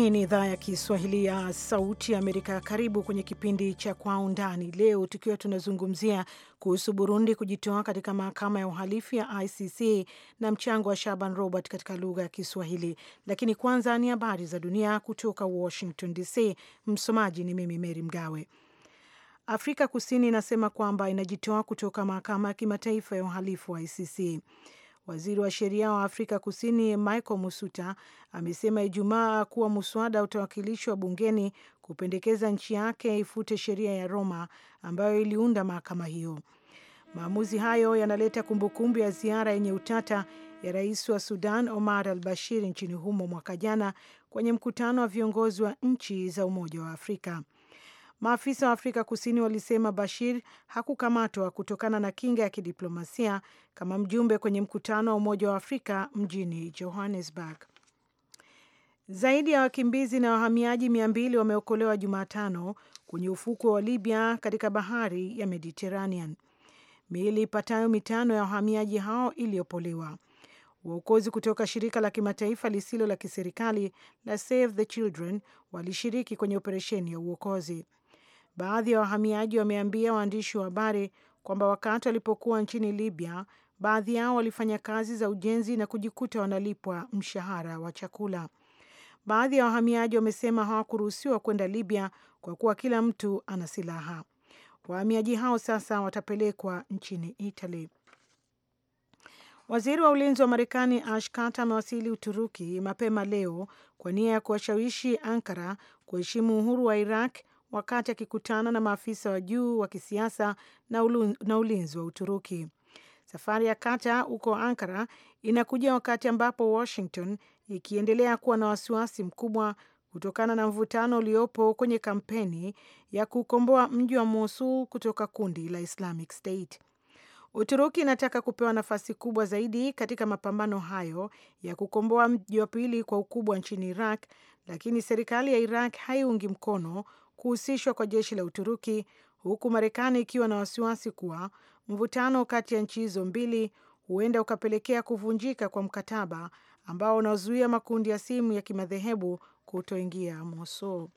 Hii ni idhaa ya Kiswahili ya Sauti ya Amerika. Karibu kwenye kipindi cha Kwa Undani leo tukiwa tunazungumzia kuhusu Burundi kujitoa katika mahakama ya uhalifu ya ICC na mchango wa Shaban Robert katika lugha ya Kiswahili. Lakini kwanza ni habari za dunia kutoka Washington DC. Msomaji ni mimi Meri Mgawe. Afrika Kusini inasema kwamba inajitoa kutoka mahakama ya kimataifa ya uhalifu wa ICC. Waziri wa sheria wa Afrika Kusini Michael Musuta amesema Ijumaa kuwa muswada utawakilishwa bungeni kupendekeza nchi yake ifute sheria ya Roma ambayo iliunda mahakama hiyo. Maamuzi hayo yanaleta kumbukumbu ya ziara yenye utata ya rais wa Sudan Omar al Bashir nchini humo mwaka jana kwenye mkutano wa viongozi wa nchi za Umoja wa Afrika. Maafisa wa Afrika Kusini walisema Bashir hakukamatwa kutokana na kinga ya kidiplomasia kama mjumbe kwenye mkutano wa Umoja wa Afrika mjini Johannesburg. Zaidi ya wakimbizi na wahamiaji mia mbili wameokolewa Jumatano kwenye ufukwe wa Libya katika bahari ya Mediterranean. Miili ipatayo mitano ya wahamiaji hao iliyopolewa. Waokozi kutoka shirika la kimataifa lisilo la kiserikali la Save the Children walishiriki kwenye operesheni ya uokozi. Baadhi ya wa wahamiaji wameambia waandishi wa habari kwamba wakati walipokuwa nchini Libya, baadhi yao walifanya kazi za ujenzi na kujikuta wanalipwa mshahara wa chakula. Baadhi ya wa wahamiaji wamesema hawakuruhusiwa kwenda Libya kwa kuwa kila mtu ana silaha. Wahamiaji hao sasa watapelekwa nchini Italy. Waziri wa ulinzi wa Marekani Ash Carter amewasili Uturuki mapema leo kwa nia ya kuwashawishi Ankara kuheshimu uhuru wa Iraq wakati akikutana na maafisa wa juu wa kisiasa na, na ulinzi wa Uturuki. Safari ya Kata huko Ankara inakuja wakati ambapo Washington ikiendelea kuwa na wasiwasi mkubwa kutokana na mvutano uliopo kwenye kampeni ya kukomboa mji wa Mosul kutoka kundi la Islamic State. Uturuki inataka kupewa nafasi kubwa zaidi katika mapambano hayo ya kukomboa mji wa pili kwa ukubwa nchini Iraq, lakini serikali ya Iraq haiungi mkono kuhusishwa kwa jeshi la Uturuki, huku Marekani ikiwa na wasiwasi kuwa mvutano kati ya nchi hizo mbili huenda ukapelekea kuvunjika kwa mkataba ambao unaozuia makundi ya simu ya kimadhehebu kutoingia Mosul.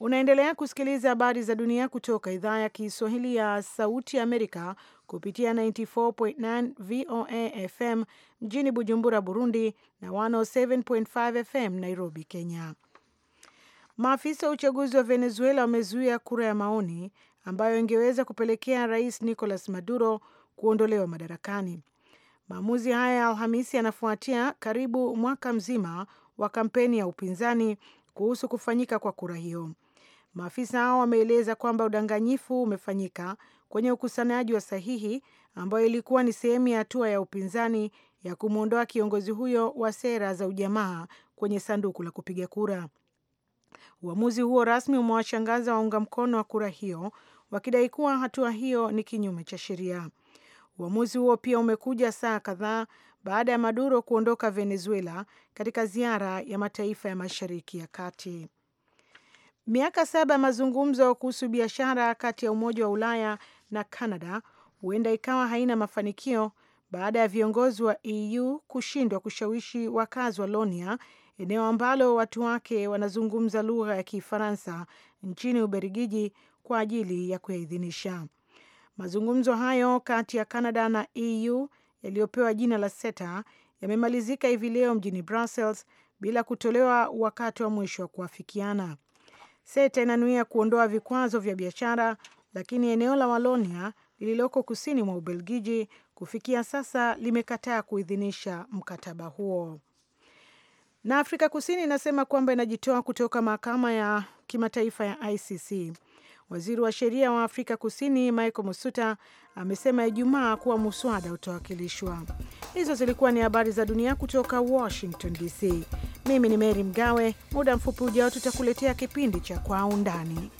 Unaendelea kusikiliza habari za dunia kutoka idhaa ya Kiswahili ya Sauti Amerika kupitia 94.9 VOA FM mjini Bujumbura, Burundi na 107.5 FM Nairobi, Kenya. Maafisa wa uchaguzi wa Venezuela wamezuia kura ya maoni ambayo ingeweza kupelekea rais Nicolas Maduro kuondolewa madarakani. Maamuzi haya ya Alhamisi yanafuatia karibu mwaka mzima wa kampeni ya upinzani kuhusu kufanyika kwa kura hiyo. Maafisa hao wameeleza kwamba udanganyifu umefanyika kwenye ukusanyaji wa sahihi, ambayo ilikuwa ni sehemu ya hatua ya upinzani ya kumwondoa kiongozi huyo wa sera za ujamaa kwenye sanduku la kupiga kura. Uamuzi huo rasmi umewashangaza waunga mkono wa kura hiyo, wakidai kuwa hatua hiyo ni kinyume cha sheria. Uamuzi huo pia umekuja saa kadhaa baada ya Maduro kuondoka Venezuela katika ziara ya mataifa ya Mashariki ya Kati. Miaka saba ya mazungumzo kuhusu biashara kati ya Umoja wa Ulaya na canada huenda ikawa haina mafanikio baada ya viongozi wa EU kushindwa kushawishi wakazi wa lonia eneo ambalo watu wake wanazungumza lugha ya Kifaransa nchini Uberigiji kwa ajili ya kuyaidhinisha. Mazungumzo hayo kati ya Canada na EU yaliyopewa jina la SETA yamemalizika hivi leo mjini Brussels bila kutolewa wakati wa mwisho wa kuafikiana. SETA inanuia kuondoa vikwazo vya biashara, lakini eneo la Walonia lililoko kusini mwa Ubelgiji kufikia sasa limekataa kuidhinisha mkataba huo. Na Afrika Kusini inasema kwamba inajitoa kutoka mahakama ya kimataifa ya ICC. Waziri wa sheria wa Afrika Kusini Michael Musuta amesema Ijumaa kuwa muswada utawakilishwa. Hizo zilikuwa ni habari za dunia kutoka Washington DC. Mimi ni Mary Mgawe. Muda mfupi ujao tutakuletea kipindi cha Kwa Undani.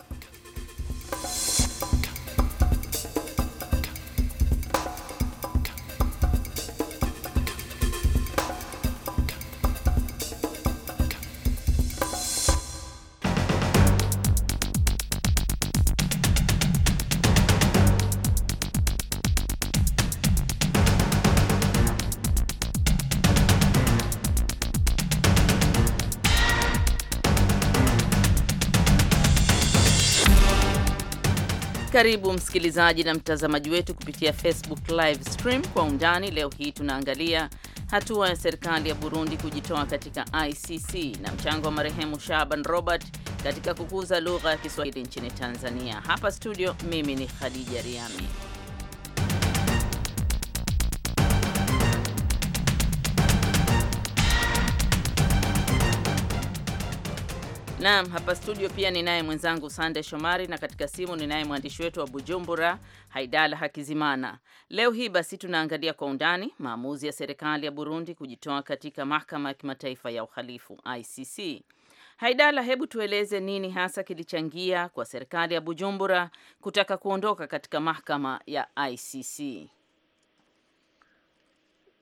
Karibu msikilizaji na mtazamaji wetu kupitia Facebook live stream. Kwa undani leo hii tunaangalia hatua ya serikali ya Burundi kujitoa katika ICC na mchango wa marehemu Shaban Robert katika kukuza lugha ya Kiswahili nchini Tanzania. Hapa studio, mimi ni Khadija Riami. Naam, hapa studio pia ninaye mwenzangu Sande Shomari na katika simu ninaye mwandishi wetu wa Bujumbura Haidala Hakizimana. Leo hii basi tunaangalia kwa undani maamuzi ya serikali ya Burundi kujitoa katika mahakama ya kimataifa ya uhalifu ICC. Haidala, hebu tueleze nini hasa kilichangia kwa serikali ya Bujumbura kutaka kuondoka katika mahakama ya ICC?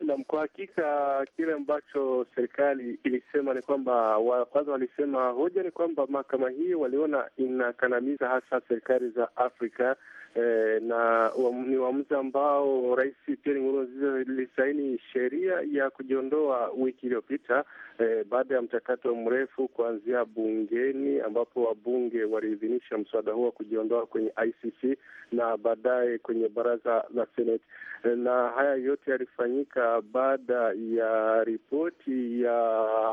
Naam, kwa hakika kile ambacho serikali ilisema ni kwamba wa, kwanza walisema hoja ni kwamba mahakama hii waliona inakandamiza hasa serikali za Afrika eh, na ni uamuzi ambao Rais Pierre Nkurunziza sheria ya kujiondoa wiki iliyopita eh, baada ya mchakato mrefu kuanzia bungeni ambapo wabunge waliidhinisha mswada huo wa kujiondoa kwenye ICC na baadaye kwenye baraza la Seneti, eh, na haya yote yalifanyika baada ya ripoti ya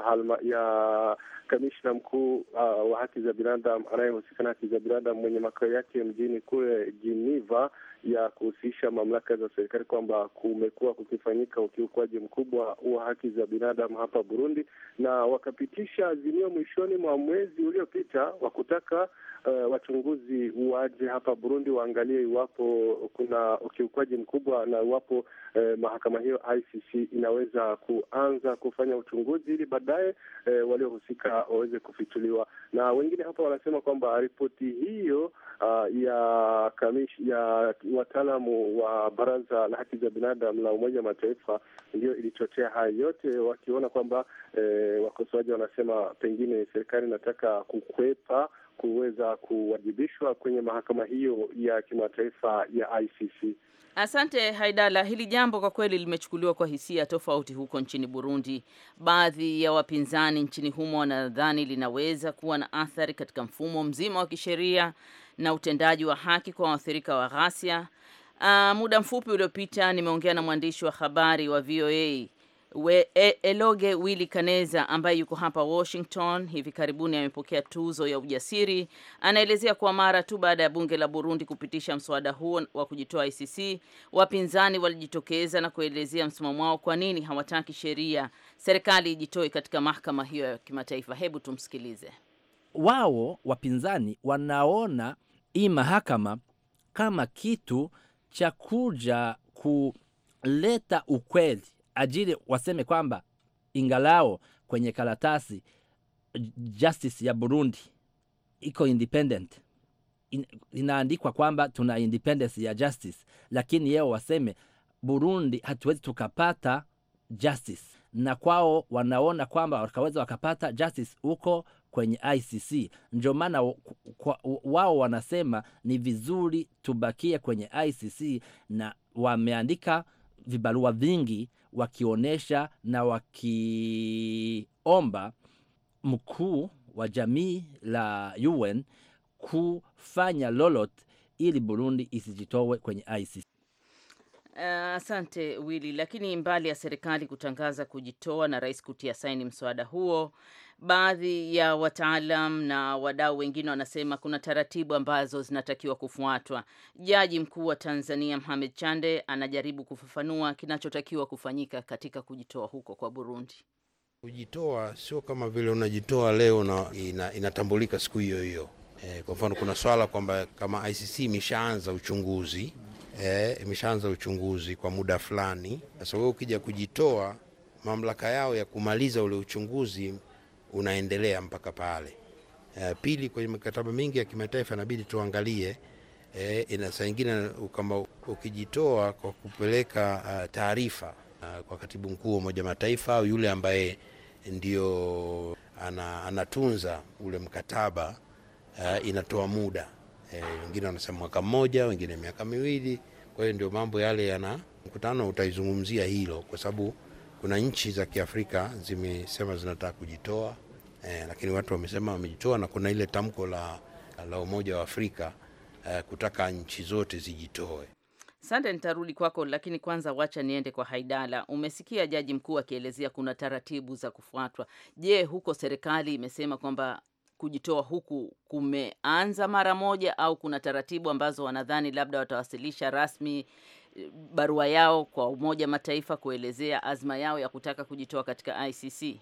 halma, ya kamishna mkuu uh, wa haki za binadamu anayehusika na haki za binadamu mwenye makao yake mjini kule Geneva ya kuhusisha mamlaka za serikali kwamba kumekuwa kukifanyika ukiukwaji mkubwa wa haki za binadamu hapa Burundi, na wakapitisha azimio mwishoni mwa mwezi uliopita wa kutaka uh, wachunguzi waje hapa Burundi waangalie iwapo kuna ukiukwaji mkubwa na iwapo uh, mahakama hiyo ICC inaweza kuanza kufanya uchunguzi ili baadaye uh, waliohusika waweze kufituliwa Na wengine hapa wanasema kwamba ripoti hiyo uh, ya kamish, ya wataalamu wa Baraza la Haki za Binadamu la Umoja wa Mataifa ndio ilichochea haya yote, wakiona kwamba e, wakosoaji wanasema pengine serikali inataka kukwepa kuweza kuwajibishwa kwenye mahakama hiyo ya kimataifa ya ICC. Asante Haidala, hili jambo kwa kweli limechukuliwa kwa hisia tofauti huko nchini Burundi. Baadhi ya wapinzani nchini humo wanadhani linaweza kuwa na athari katika mfumo mzima wa kisheria na utendaji wa haki kwa waathirika wa ghasia. Uh, muda mfupi uliopita nimeongea na mwandishi wa habari wa VOA We, e, Eloge Willy Kaneza ambaye yuko hapa Washington. Hivi karibuni amepokea tuzo ya ujasiri. Anaelezea kuwa mara tu baada ya bunge la Burundi kupitisha mswada huo wa kujitoa ICC, wapinzani walijitokeza na kuelezea msimamo wao, kwa nini hawataki sheria serikali ijitoe katika mahakama hiyo ya kimataifa. Hebu tumsikilize. Wao wapinzani wanaona hii mahakama kama kitu cha kuja kuleta ukweli ajili waseme kwamba ingalao kwenye karatasi justice ya Burundi iko independent in, inaandikwa kwamba tuna independence ya justice, lakini yeo waseme Burundi hatuwezi tukapata justice, na kwao wanaona kwamba wakaweza wakapata justice huko kwenye ICC. Ndio maana wao wanasema ni vizuri tubakie kwenye ICC, na wameandika vibarua vingi wakionyesha na wakiomba mkuu wa jamii la UN kufanya lolot ili Burundi isijitowe kwenye ICC. Eh, asante uh, Willy. Lakini mbali ya serikali kutangaza kujitoa na rais kutia saini mswada huo, Baadhi ya wataalam na wadau wengine wanasema kuna taratibu ambazo zinatakiwa kufuatwa. Jaji mkuu wa Tanzania Mohamed Chande anajaribu kufafanua kinachotakiwa kufanyika katika kujitoa huko kwa Burundi. Kujitoa sio kama vile unajitoa leo na ina, inatambulika siku hiyo hiyo. E, kwa mfano kuna swala kwamba kama ICC imeshaanza uchunguzi e, imeshaanza uchunguzi kwa muda fulani. Sasa wewe ukija kujitoa, mamlaka yao ya kumaliza ule uchunguzi unaendelea mpaka pale. Eh, pili, kwenye mikataba mingi ya kimataifa inabidi tuangalie E, ina saa ingine kama ukijitoa kwa kupeleka uh, taarifa uh, kwa katibu mkuu wa Umoja Mataifa au yule ambaye ndio ana, anatunza ule mkataba uh, inatoa muda e, wengine wanasema mwaka mmoja, wengine miaka miwili. Kwa hiyo ndio mambo yale yana mkutano utaizungumzia hilo kwa sababu kuna nchi za Kiafrika zimesema zinataka kujitoa eh, lakini watu wamesema wamejitoa, na kuna ile tamko la, la Umoja wa Afrika eh, kutaka nchi zote zijitoe. Sante, nitarudi kwako, lakini kwanza wacha niende kwa Haidala. Umesikia jaji mkuu akielezea kuna taratibu za kufuatwa. Je, huko serikali imesema kwamba kujitoa huku kumeanza mara moja au kuna taratibu ambazo wanadhani labda watawasilisha rasmi barua yao kwa Umoja Mataifa kuelezea azma yao ya kutaka kujitoa katika ICC?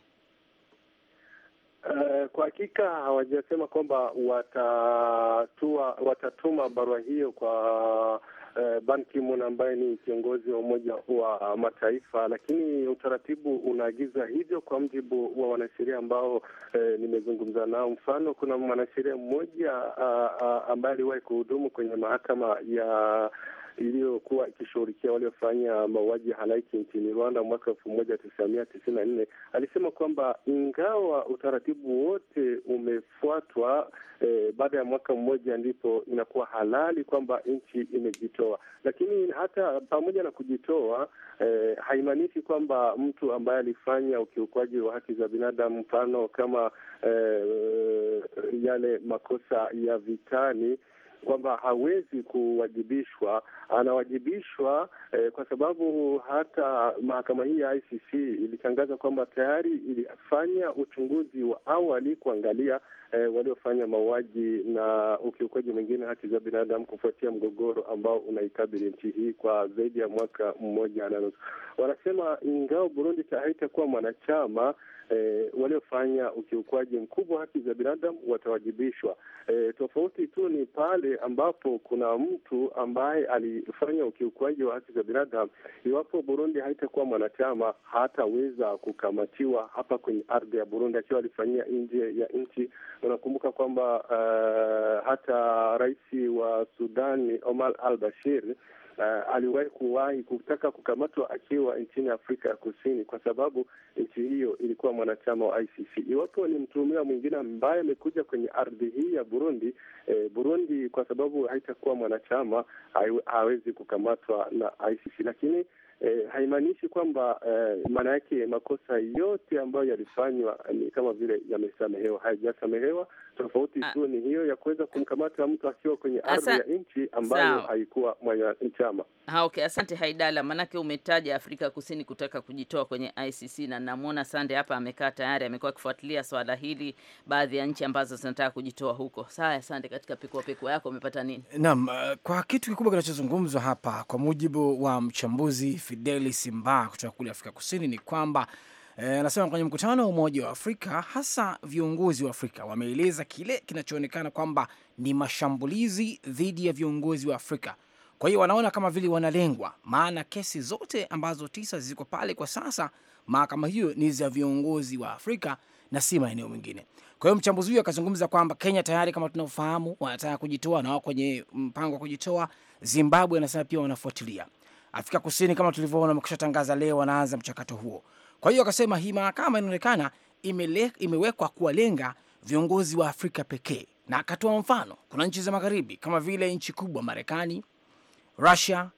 Uh, eh, kwa hakika hawajasema kwamba watatua watatuma barua hiyo kwa uh, Ban Ki-moon ambaye ni kiongozi wa Umoja wa Mataifa, lakini utaratibu unaagiza hivyo kwa mjibu wa wanasheria ambao uh, nimezungumza nao. Mfano, kuna mwanasheria mmoja uh, uh, ambaye aliwahi kuhudumu kwenye mahakama ya iliyokuwa ikishughulikia waliofanya mauaji ya halaiki nchini Rwanda mwaka elfu moja tisa mia tisini na nne alisema kwamba ingawa utaratibu wote umefuatwa, e, baada ya mwaka mmoja ndipo inakuwa halali kwamba nchi imejitoa. Lakini hata pamoja na kujitoa, e, haimaanishi kwamba mtu ambaye alifanya ukiukwaji wa haki za binadamu, mfano kama e, e yale makosa ya vitani kwamba hawezi kuwajibishwa, anawajibishwa eh, kwa sababu hata mahakama hii ya ICC ilitangaza kwamba tayari ilifanya uchunguzi wa awali kuangalia eh, waliofanya mauaji na ukiukaji mwingine haki za binadamu kufuatia mgogoro ambao unaikabili nchi hii kwa zaidi ya mwaka mmoja na nusu. Wanasema ingawa Burundi haitakuwa mwanachama e, waliofanya ukiukwaji mkubwa wa haki za binadamu watawajibishwa. E, tofauti tu ni pale ambapo kuna mtu ambaye alifanya ukiukwaji wa haki za binadamu. Iwapo Burundi haitakuwa mwanachama, hataweza kukamatiwa hapa kwenye ardhi ya Burundi akiwa alifanyia nje ya nchi. Unakumbuka kwamba uh, hata rais wa Sudani Omar al Bashir uh, aliwahi kuwahi kutaka kukamatwa akiwa nchini Afrika ya Kusini kwa sababu nchi hiyo ilikuwa mwanachama wa ICC. Iwapo ni mtuhumiwa mwingine ambaye amekuja kwenye ardhi hii ya Burundi, eh, Burundi kwa sababu haitakuwa mwanachama hawezi kukamatwa na ICC, lakini eh, haimaanishi kwamba eh, maana yake makosa yote ambayo yalifanywa ni kama vile yamesamehewa. Hayajasamehewa Tofauti ah. tu ni hiyo ya kuweza kumkamata mtu akiwa kwenye ardhi ya nchi ambayo haikuwa mwanachama. Ha, ah, okay, asante Haidala, maanake umetaja Afrika Kusini kutaka kujitoa kwenye ICC na namwona Sande hapa amekaa tayari, amekuwa akifuatilia swala hili, baadhi ya nchi ambazo zinataka kujitoa huko. Sawa, Sande, katika pekua pekua yako umepata nini? Naam, eh, kwa kitu kikubwa kinachozungumzwa hapa, kwa mujibu wa mchambuzi Fideli Simba kutoka kule Afrika Kusini ni kwamba Eh, anasema e, kwenye mkutano wa Umoja wa Afrika hasa viongozi wa Afrika wameeleza kile kinachoonekana kwamba ni mashambulizi dhidi ya viongozi wa Afrika. Kwa hiyo wanaona kama vile wanalengwa, maana kesi zote ambazo tisa ziko pale kwa sasa mahakama hiyo ni za viongozi wa Afrika na si maeneo mengine. Kwa hiyo mchambuzi huyo akazungumza kwamba Kenya tayari kama tunavyofahamu wanataka kujitoa na wao kwenye mpango wa kujitoa. Zimbabwe anasema pia wanafuatilia. Afrika Kusini kama tulivyoona tangaza leo wanaanza mchakato huo. Kwa hiyo akasema hii mahakama inaonekana imewekwa kuwalenga viongozi wa Afrika pekee, na akatoa mfano, kuna nchi za magharibi kama vile nchi kubwa Marekani, Rusia,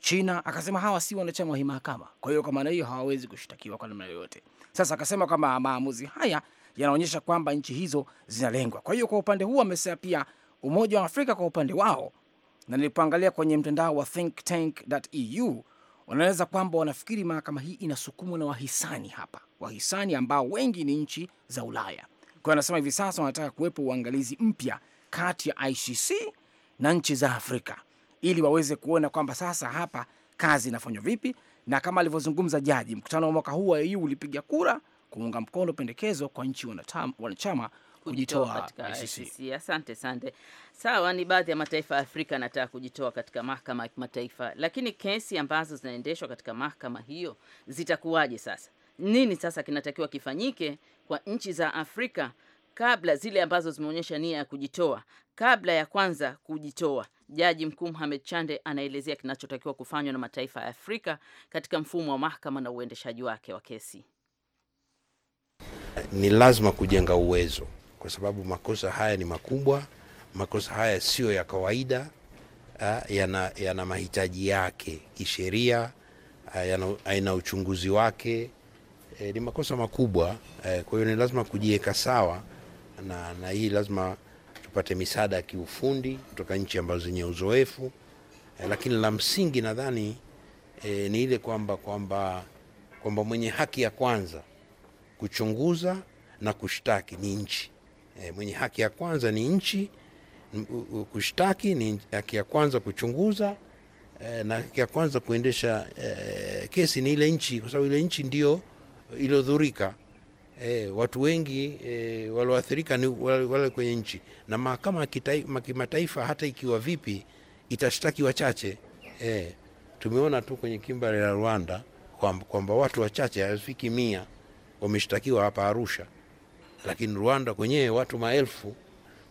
China, akasema hawa si wanachama wa hii mahakama, kwa hiyo kwa maana hiyo hawawezi kushtakiwa kwa namna yoyote. Sasa akasema kwamba maamuzi haya yanaonyesha kwamba nchi hizo zinalengwa. Kwa hiyo kwa upande huu amesema pia Umoja wa Afrika kwa upande wao, na nilipoangalia kwenye mtandao wa thinktank.eu wanaeleza kwamba wanafikiri mahakama hii inasukumwa na wahisani hapa, wahisani ambao wengi ni nchi za Ulaya. Kwa hiyo wanasema hivi sasa wanataka kuwepo uangalizi mpya kati ya ICC na nchi za Afrika ili waweze kuona kwamba sasa hapa kazi inafanywa vipi, na kama alivyozungumza jaji, mkutano wa mwaka huu wa EU ulipiga kura kuunga mkono pendekezo kwa nchi wanachama kujitoa katika ICC. ICC. Asante, asante. Sawa, ni baadhi ya mataifa ya Afrika yanataka kujitoa katika mahakama ya kimataifa, lakini kesi ambazo zinaendeshwa katika mahakama hiyo zitakuwaje sasa? Nini sasa kinatakiwa kifanyike kwa nchi za Afrika kabla zile ambazo zimeonyesha nia ya kujitoa, kabla ya kwanza kujitoa. Jaji mkuu Mohamed Chande anaelezea kinachotakiwa kufanywa na mataifa ya Afrika katika mfumo wa mahakama na uendeshaji wake wa kesi. Ni lazima kujenga uwezo kwa sababu makosa haya ni makubwa, makosa haya siyo ya kawaida, ah, yana, yana mahitaji yake kisheria, ah, yana uchunguzi wake. E, ni makosa makubwa e, kwa hiyo ni lazima kujiweka sawa na, na hii lazima tupate misaada ya kiufundi kutoka nchi ambazo zenye uzoefu e, lakini la msingi nadhani e, ni ile kwamba kwamba kwamba mwenye haki ya kwanza kuchunguza na kushtaki ni nchi. E, mwenye haki ya kwanza ni nchi kushtaki, ni haki ya kwanza kuchunguza e, na haki ya kwanza kuendesha e, kesi ni ile nchi, kwa sababu ile nchi ndio iliyodhurika. E, watu wengi e, walioathirika ni wale kwenye nchi, na mahakama ya kimataifa hata ikiwa vipi itashtaki wachache. E, tumeona tu kwenye kimbari la Rwanda kwamba watu wachache hawafiki mia wameshtakiwa hapa Arusha lakini Rwanda kwenyewe watu maelfu.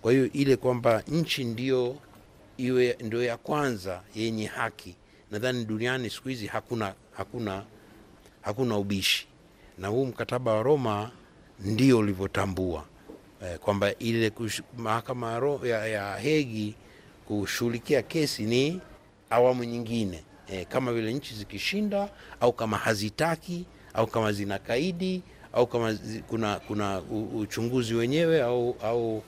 Kwa hiyo ile kwamba nchi ndio iwe ndio ya kwanza yenye haki, nadhani duniani siku hizi hakuna, hakuna, hakuna ubishi, na huu mkataba wa Roma ndio ulivyotambua eh, kwamba ile mahakama ya, ya Hegi kushughulikia kesi ni awamu nyingine eh, kama vile nchi zikishinda au kama hazitaki au kama zinakaidi au kama kuna, kuna uchunguzi wenyewe au, au,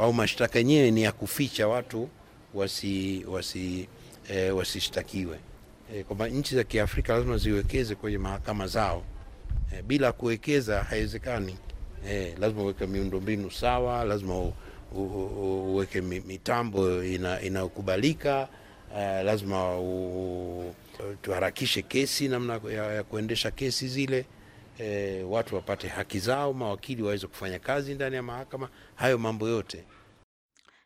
au mashtaka yenyewe ni ya kuficha watu wasi, wasi, e, wasishtakiwe e, kwamba nchi za Kiafrika lazima ziwekeze kwenye mahakama zao e, bila kuwekeza haiwezekani. E, lazima uweke miundombinu sawa, lazima uweke mitambo inayokubalika ina e, lazima u, tuharakishe kesi namna ya, ya kuendesha kesi zile e, watu wapate haki zao, mawakili waweze kufanya kazi ndani ya mahakama, hayo mambo yote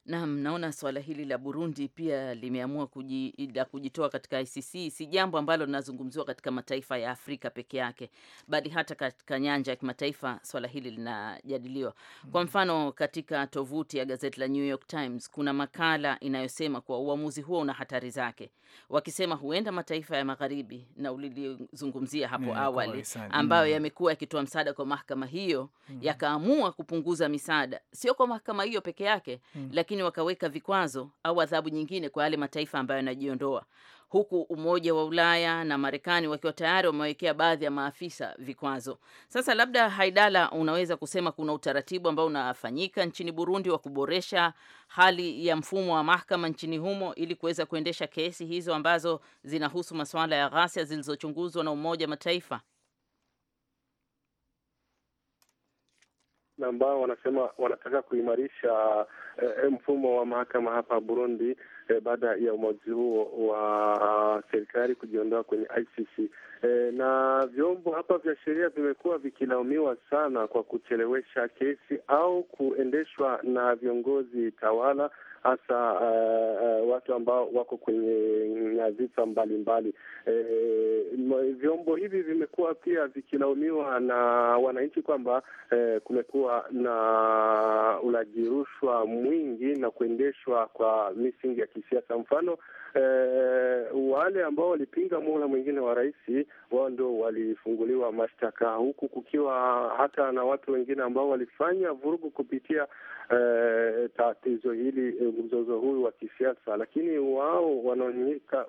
Naam, naona swala hili la Burundi pia limeamua kuji, la kujitoa katika ICC si jambo ambalo linazungumziwa katika mataifa ya Afrika peke yake, bali hata katika nyanja ya kimataifa swala hili linajadiliwa. Kwa mm. mfano, katika tovuti ya gazeti la New York Times kuna makala inayosema kuwa uamuzi huo una hatari zake, wakisema huenda mataifa ya magharibi na ulilizungumzia hapo yeah, awali ambayo yeah, mm. yamekuwa yakitoa msaada kwa mahakama hiyo yeah, mm. yakaamua kupunguza misaada, sio kwa mahakama hiyo peke yake yeah, lakini wakaweka vikwazo au adhabu nyingine kwa yale mataifa ambayo yanajiondoa, huku Umoja wa Ulaya na Marekani wakiwa tayari wamewekea baadhi ya maafisa vikwazo. Sasa labda Haidala, unaweza kusema kuna utaratibu ambao unafanyika nchini Burundi wa kuboresha hali ya mfumo wa mahakama nchini humo ili kuweza kuendesha kesi hizo ambazo zinahusu masuala ya ghasia zilizochunguzwa na Umoja wa Mataifa? na ambao wanasema wanataka kuimarisha e, mfumo wa mahakama hapa Burundi e, baada ya uamuzi huo wa serikali kujiondoa kwenye ICC. E, eh, na vyombo hapa vya sheria vimekuwa vikilaumiwa sana kwa kuchelewesha kesi au kuendeshwa na viongozi tawala hasa uh, uh, watu ambao wako kwenye nyadhifa mbalimbali. E, vyombo hivi vimekuwa pia vikilaumiwa na wananchi kwamba e, kumekuwa na ulaji rushwa mwingi na kuendeshwa kwa misingi ya kisiasa. Mfano eh, wale ambao walipinga muhula mwingine wa rais wao ndio walifunguliwa mashtaka, huku kukiwa hata na watu wengine ambao walifanya vurugu kupitia eh, tatizo hili, eh, mzozo huu wa kisiasa, lakini wao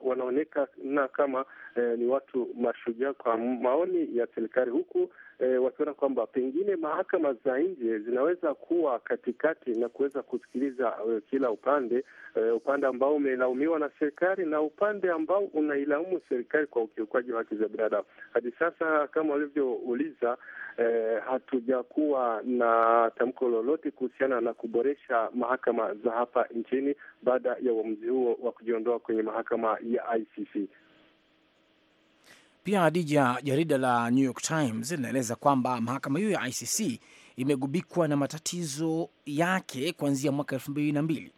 wanaonekana kama eh, ni watu mashujaa kwa maoni ya serikali, huku E, wakiona kwamba pengine mahakama za nje zinaweza kuwa katikati na kuweza kusikiliza eh, kila upande eh, upande ambao umelaumiwa na serikali serikali na upande ambao unailaumu serikali kwa ukiukaji wa haki za binadamu. Hadi sasa kama ulivyouliza, eh, hatujakuwa na tamko lolote kuhusiana na kuboresha mahakama za hapa nchini baada ya uamuzi huo wa kujiondoa kwenye mahakama ya ICC. Pia Hadija, jarida la New York Times linaeleza kwamba mahakama hiyo ya ICC imegubikwa na matatizo yake kuanzia mwaka elfu mbili na mbili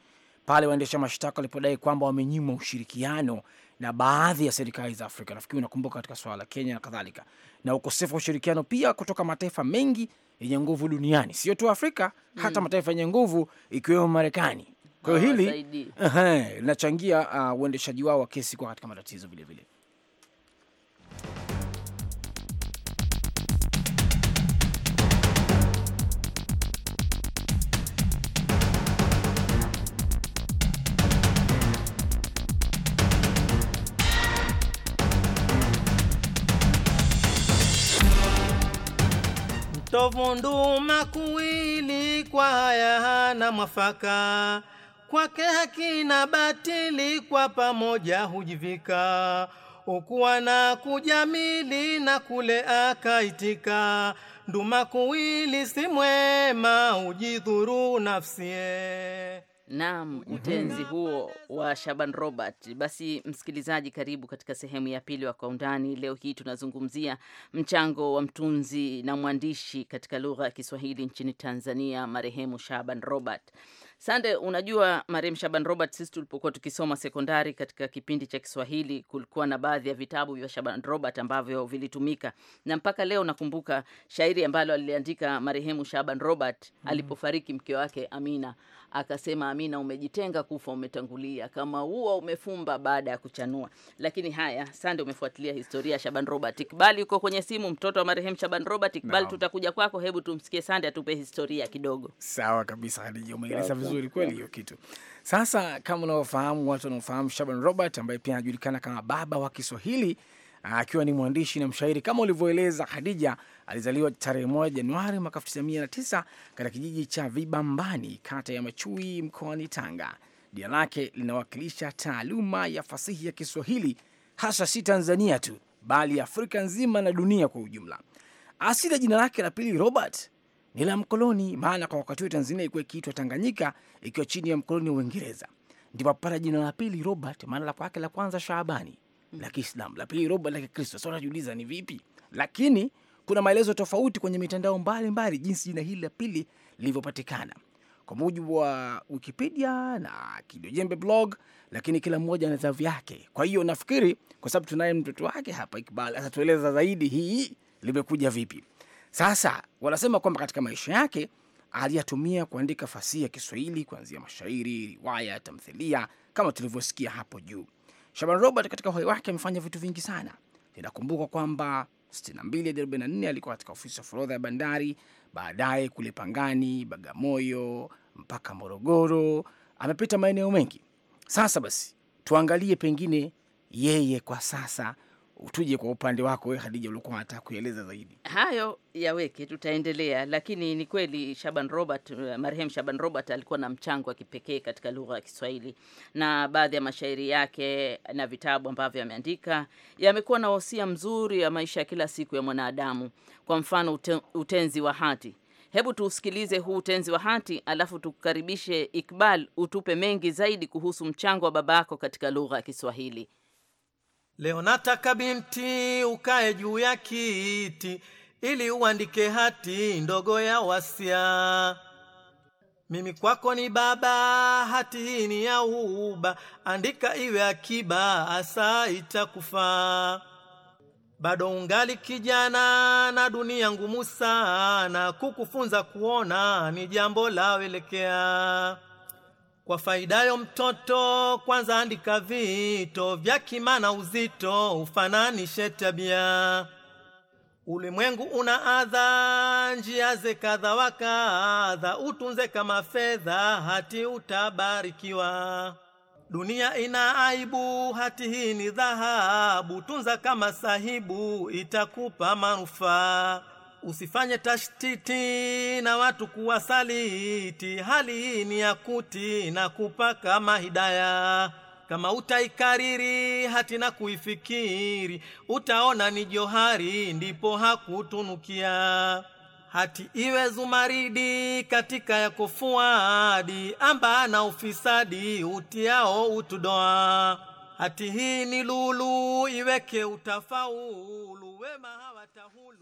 pale waendesha mashtaka walipodai kwamba wamenyimwa ushirikiano na baadhi ya serikali za Afrika. Nafikiri unakumbuka katika swala la Kenya na kadhalika, na ukosefu wa ushirikiano pia kutoka mataifa mengi yenye nguvu duniani, sio tu Afrika hata hmm. mataifa yenye nguvu ikiwemo Marekani. Kwa hiyo ah, hili linachangia uh, uendeshaji wao wa kesi kwa katika matatizo vilevile. ovundu nduma kuwili, kwa haya hana mwafaka. Kwake haki na batili kwa pamoja hujivika, ukuwa na kujamili na kule akaitika. Nduma kuwili si mwema, ujidhuru nafsie Naam, mm-hmm. utenzi huo wa Shaban Robert. Basi msikilizaji, karibu katika sehemu ya pili wa Kwa Undani. Leo hii tunazungumzia mchango wa mtunzi na mwandishi katika lugha ya Kiswahili nchini Tanzania, marehemu Shaban Robert. Sande, unajua Mariam Shaban Robert, sisi tulipokuwa tukisoma sekondari katika kipindi cha Kiswahili kulikuwa na baadhi ya vitabu vya Shaban Robert ambavyo vilitumika, na mpaka leo nakumbuka shairi ambalo aliliandika marehemu Shaban Robert mm -hmm. alipofariki mke wake Amina, akasema: Amina, umejitenga, kufa umetangulia, kama ua umefumba baada ya kuchanua. Lakini haya, Sande, umefuatilia historia ya Shaban Robert. Ikbali uko kwenye simu, mtoto wa marehemu Shaban Robert. Ikbali no. tutakuja kwako, hebu tumsikie Sande atupe historia kidogo. Sawa kabisa, umeeleza vizuri kweli hiyo kitu. Sasa kama unavyofahamu, watu wanaofahamu Shaban Robert ambaye pia anajulikana kama baba wa Kiswahili akiwa ni mwandishi na mshairi kama ulivyoeleza Hadija, alizaliwa tarehe moja Januari mwaka 1909 katika kijiji cha Vibambani, kata ya Machui, mkoani Tanga. Jina lake linawakilisha taaluma ya fasihi ya Kiswahili, hasa si Tanzania tu, bali Afrika nzima na dunia kwa ujumla. Asili ya jina lake la pili Robert ni la mkoloni, maana kwa wakati huo Tanzania ilikuwa ikiitwa Tanganyika ikiwa chini ya mkoloni wa Uingereza. Ndipo apata jina la pili Robert, maana la kwake la kwanza Shaabani la Kiislamu, la pili Robert la Kikristo. Sasa unajiuliza ni vipi? Lakini kuna maelezo tofauti kwenye mitandao mbalimbali jinsi jina hili la pili lilivyopatikana kwa mujibu wa Wikipedia na Kidojembe blog, lakini kila mmoja ana tavu yake. Kwa hiyo nafikiri kwa sababu tunaye mtoto wake hapa Iqbal, atatueleza zaidi hii limekuja vipi. Sasa wanasema kwamba katika maisha yake aliyatumia kuandika fasihi ya Kiswahili kuanzia mashairi, riwaya, tamthilia kama tulivyosikia hapo juu. Shaban Robert katika uhai wake amefanya vitu vingi sana. Inakumbuka kwamba 62 hadi 44 alikuwa katika ofisi ya forodha ya bandari, baadaye kule Pangani, Bagamoyo mpaka Morogoro, amepita maeneo mengi. Sasa basi tuangalie pengine yeye kwa sasa tuje kwa upande wako wewe Khadija, ulikuwa unataka kueleza zaidi hayo. Yaweke, tutaendelea, lakini ni kweli Shaban Robert, eh, marehemu Shaban Robert alikuwa na mchango wa kipekee katika lugha ya Kiswahili na baadhi ya mashairi yake na vitabu ambavyo ameandika yamekuwa na wasia mzuri ya maisha ya kila siku ya mwanadamu. Kwa mfano, utenzi wa hati. Hebu tuusikilize huu utenzi wa hati, alafu tukaribishe Iqbal, utupe mengi zaidi kuhusu mchango wa babako katika lugha ya Kiswahili. Leo nataka binti ukae juu ya kiti, ili uandike hati ndogo ya wasia. Mimi kwako ni baba, hati hii ni ya uba, andika iwe akiba, asa itakufaa. Bado ungali kijana na dunia ngumu sana, kukufunza kuona ni jambo la welekea. Kwa faida yo mtoto kwanza andika vito vya kima na uzito, ufananishe tabia. Ulimwengu una adha, njia ze kadha wa kadha, utunze kama fedha, hati utabarikiwa. Dunia ina aibu, hati hii ni dhahabu, tunza kama sahibu, itakupa manufaa usifanye tashtiti na watu kuwasaliti, hali hii ni ya kuti na kupaka mahidaya. Kama utaikariri hati na kuifikiri, utaona ni johari, ndipo hakutunukia. Hati iwe zumaridi katika ya kufuadi amba na ufisadi utiao utudoa. Hati hii ni lulu, iweke utafaulu, wema hawatahulu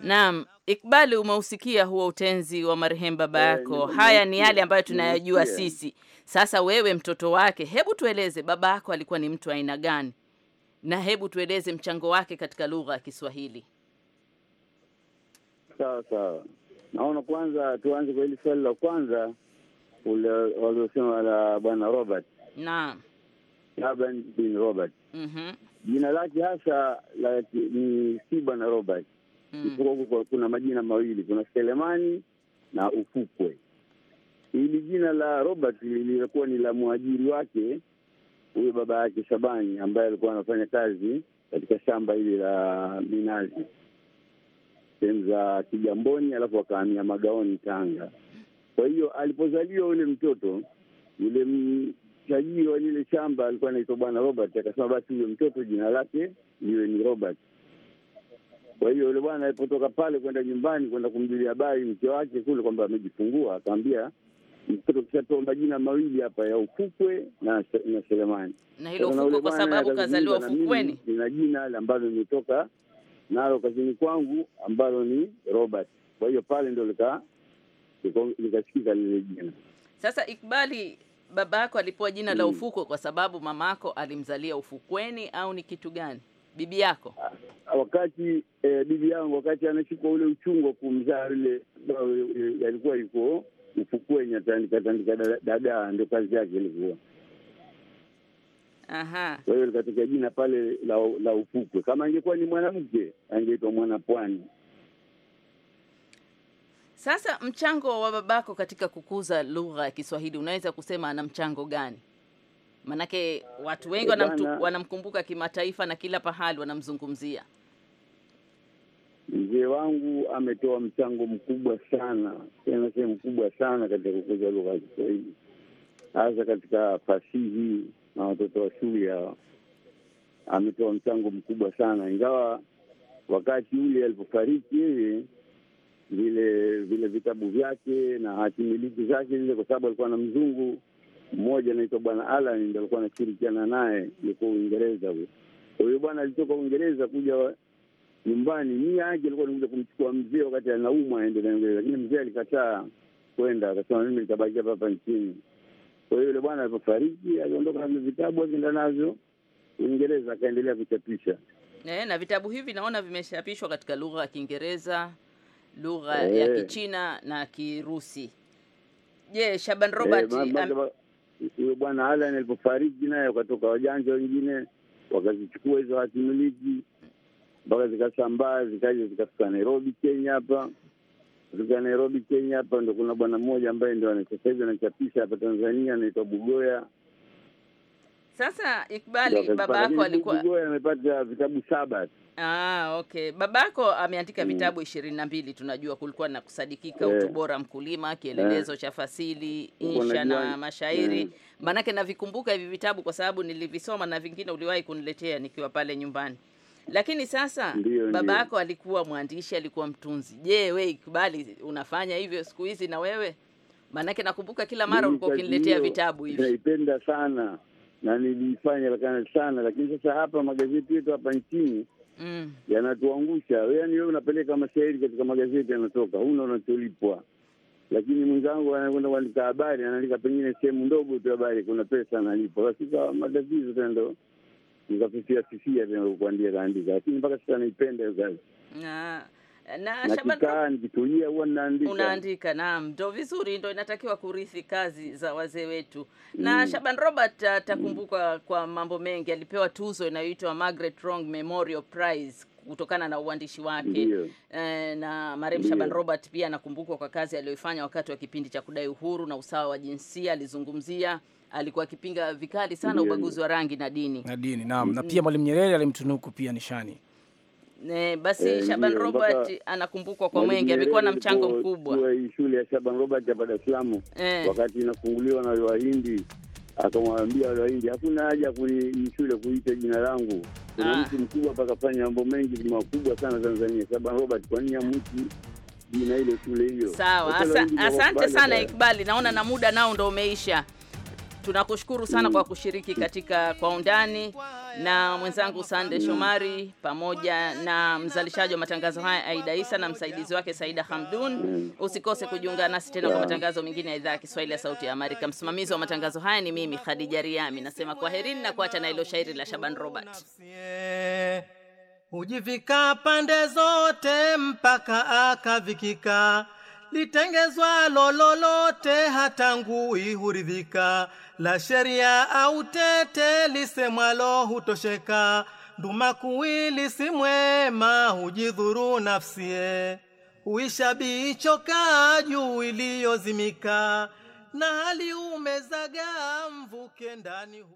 Naam, Ikbali, umeusikia huo utenzi wa marehemu baba eh, yako. Haya ni yale ambayo tunayajua sisi. Sasa wewe mtoto wake, hebu tueleze baba yako alikuwa ni mtu aina gani, na hebu tueleze mchango wake katika lugha ya Kiswahili. Sawa sawa, naona kwanza tuanze kwa hili swali la kwanza waliosema la bwana Robert. Naam, Laban bin Robert. Mhm, jina lake hasa la, ni si bwana Robert Mkorogo mm. kuna majina mawili, kuna Selemani na Ufukwe. Hili jina la Robert lilikuwa ni la mwajiri wake huyo baba yake Shabani, ambaye alikuwa anafanya kazi katika shamba hili la minazi sehemu za Kigamboni, alafu akahamia Magaoni, Tanga. Kwa hiyo alipozaliwa yule mtoto yule mchajii wa lile shamba alikuwa anaitwa Bwana Robert, akasema basi huyo mtoto jina lake liwe ni Robert. Kwa hiyo yule bwana alipotoka pale kwenda nyumbani kwenda kumjulia habari mke wake kule kwamba amejifungua, akaambia mtoto kishatoa majina mawili hapa ya Ufukwe na na Selemani. Na hilo Ufukwe kwa sababu kazaliwa ufukweni, nina jina ambalo nimetoka nalo kazini kwangu ambalo ni Robert. Kwa hiyo pale ndo lika likasikika lile jina. Sasa Ikbali, babako alipewa jina hmm, la mm. Ufukwe kwa sababu mamako alimzalia ufukweni au ni kitu gani? bibi yako? Ah, wakati e, bibi yangu wakati anashikwa ule uchungu wa kumzaa ule eh, alikuwa yuko ufukweni, atandika tandika dagaa, ndio kazi yake ilikuwa. Aha. Kwa hiyo likatokea jina pale la, la ufukwe. Kama angekuwa ni mwanamke angeitwa mwana pwani Sasa mchango wa babako katika kukuza lugha ya Kiswahili, unaweza kusema ana mchango gani? Manake watu wengi wanamkumbuka kimataifa na kila pahali wanamzungumzia. Mzee wangu ametoa mchango mkubwa sana, tena sehemu kubwa sana katika kukuza lugha ya Kiswahili, hasa katika fasihi na watoto wa shule hawa. Ametoa mchango mkubwa sana, ingawa wakati ule alipofariki yeye vile vile vitabu vyake na hatimiliki zake zile, kwa sababu alikuwa na mzungu mmoja anaitwa bwana Alan, ndiyo alikuwa anashirikiana naye, yuko Uingereza huyo. Kwa hiyo bwana alitoka Uingereza kuja nyumbani, nia yake alikuwa nikuja kumchukua mzee wakati anaumwa aende na Uingereza, lakini mzee alikataa kwenda, akasema mimi nitabaki hapa hapa nchini. Kwa hiyo yule bwana alipofariki aliondoka na vitabu akienda navyo Uingereza, akaendelea kuchapisha eh, na vitabu hivi naona vimechapishwa katika lugha ya Kiingereza, lugha ya eh. Kichina na Kirusi. Je, Shaban eh, Robert huyo bwana Alan alipofariki, naye wakatoka wajanja wengine wakazichukua hizo hatimiliki mpaka zikasambaa zikaja zikafika Nairobi, Kenya hapa kufika Nairobi, Kenya hapa ndo kuna bwana mmoja ambaye ndo sasa hivi anachapisha hapa Tanzania, anaitwa Bugoya. Sasa Ikbali, baba yako alikuwa Bugoya amepata vitabu saba Ah, okay. Babako ameandika mm. vitabu ishirini na mbili. Tunajua kulikuwa na kusadikika, yeah. utubora Mkulima, kielelezo yeah. cha fasili, insha na mashairi yeah. Mm. Maanake navikumbuka hivi vitabu kwa sababu nilivisoma na vingine uliwahi kuniletea nikiwa pale nyumbani. Lakini sasa ndiyo, baba yako alikuwa mwandishi, alikuwa mtunzi. Je, we ikubali unafanya hivyo siku hizi na wewe? Maanake nakumbuka kila mara ulikuwa ukiniletea vitabu hivi. Naipenda sana na nilifanya sana, lakini sasa hapa magazeti yetu hapa nchini mm. yanatuangusha. yani wewe unapeleka mashairi katika magazeti yanatoka, huna unacholipwa, lakini mwenzangu anakwenda kuandika habari, anaandika pengine sehemu ndogo tu habari, kuna pesa analipwa. Basi ikawa matatizo tena, ndo nikafifia fifia tena kuandika kaandika, lakini mpaka sasa naipenda hiyo kazi. Ah na Shaban Kitulia huwa naandika, unaandika. Naam, ndo vizuri, ndo inatakiwa kurithi kazi za wazee wetu na mm. Shaban Robert uh, atakumbukwa mm. kwa mambo mengi. Alipewa tuzo inayoitwa Margaret Wrong Memorial Prize kutokana na uandishi wake e, na marehemu Shaban Robert pia anakumbukwa kwa kazi aliyoifanya wakati wa kipindi cha kudai uhuru na usawa wa jinsia. Alizungumzia, alikuwa akipinga vikali sana ubaguzi wa rangi na dini na dini, naam, na mm. pia Mwalimu Nyerere alimtunuku pia nishani Ne, basi e, Shaban ndiyo, Robert anakumbukwa kwa mwengi, amekuwa na mchango mkubwa. Shule ya Shaban Robert hapa Dar es Salaam eh, wakati inafunguliwa na Wahindi akamwambia wale Wahindi, hakuna haja kuni shule kuita jina langu, kuna ah. mtu mkubwa hapa fanya mambo mengi makubwa sana Tanzania, Shaban Robert, kwa nini hamwiti jina ile shule hiyo? Sawa, asante sana Ikbali, naona na muda nao ndo umeisha. Tunakushukuru sana kwa kushiriki katika kwa undani na mwenzangu Sande Shomari pamoja na mzalishaji wa matangazo haya Aida Isa na msaidizi wake Saida Hamdun. Usikose kujiunga nasi tena kwa matangazo mengine ya idhaa ya Kiswahili ya Sauti ya Amerika. Msimamizi wa matangazo haya ni mimi Khadija Riami, nasema kwaherini na kuacha na ilo shairi la Shaban Robert, hujivika pande zote mpaka akavikika litengezwa lololote hata ngui huridhika, la sheria au tete lisemwalo hutosheka, nduma kuwili si mwema hujidhuru nafsie, huishabihi chokaa juu iliyozimika, na hali umezaga mvuke ndani